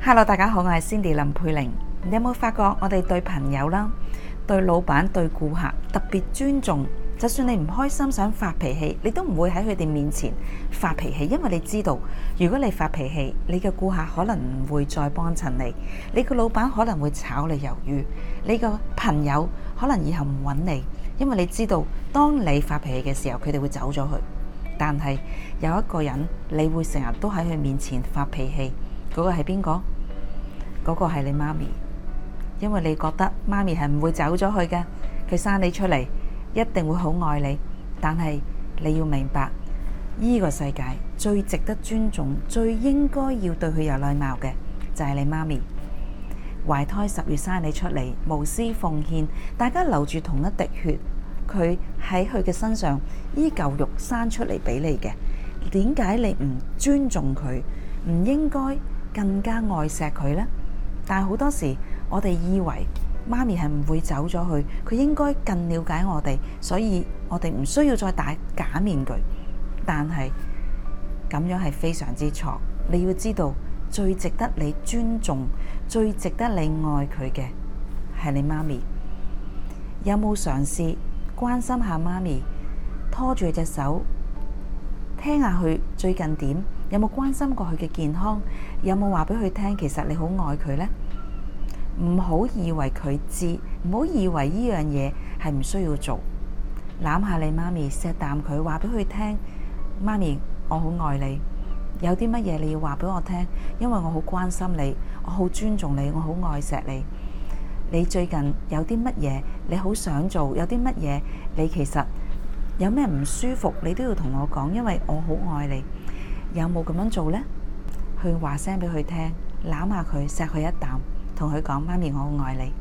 Hello，大家好，我係 Cindy 林佩玲。你有冇發覺我哋對朋友啦、對老闆、對顧客特別尊重？就算你唔開心想發脾氣，你都唔會喺佢哋面前發脾氣，因為你知道，如果你發脾氣，你嘅顧客可能唔會再幫襯你，你個老闆可能會炒你魷魚，你個朋友可能以後唔揾你，因為你知道，當你發脾氣嘅時候，佢哋會走咗去。但係有一個人，你會成日都喺佢面前發脾氣。嗰個係邊個？嗰個係你媽咪，因為你覺得媽咪係唔會走咗去嘅，佢生你出嚟，一定會好愛你。但係你要明白，呢個世界最值得尊重、最應該要對佢有禮貌嘅，就係你媽咪。懷胎十月生你出嚟，無私奉獻，大家留住同一滴血，佢喺佢嘅身上呢嚿肉生出嚟俾你嘅。點解你唔尊重佢？唔應該？更加愛錫佢咧，但係好多時我哋以為媽咪係唔會走咗去，佢應該更了解我哋，所以我哋唔需要再戴假面具。但係咁樣係非常之錯。你要知道，最值得你尊重，最值得你愛佢嘅係你媽咪。有冇嘗試關心下媽咪？拖住佢隻手，聽下佢最近點？有冇關心過佢嘅健康？有冇話俾佢聽？其實你好愛佢呢？唔好以為佢知，唔好以為呢樣嘢係唔需要做。攬下你媽咪，錫啖佢，話俾佢聽。媽咪，我好愛你。有啲乜嘢你要話俾我聽，因為我好關心你，我好尊重你，我好愛錫你。你最近有啲乜嘢你好想做？有啲乜嘢你其實有咩唔舒服，你都要同我講，因為我好愛你。有冇咁樣做呢？去話聲畀佢聽，攬下佢，錫佢一啖，同佢講：「媽咪，我好愛你。」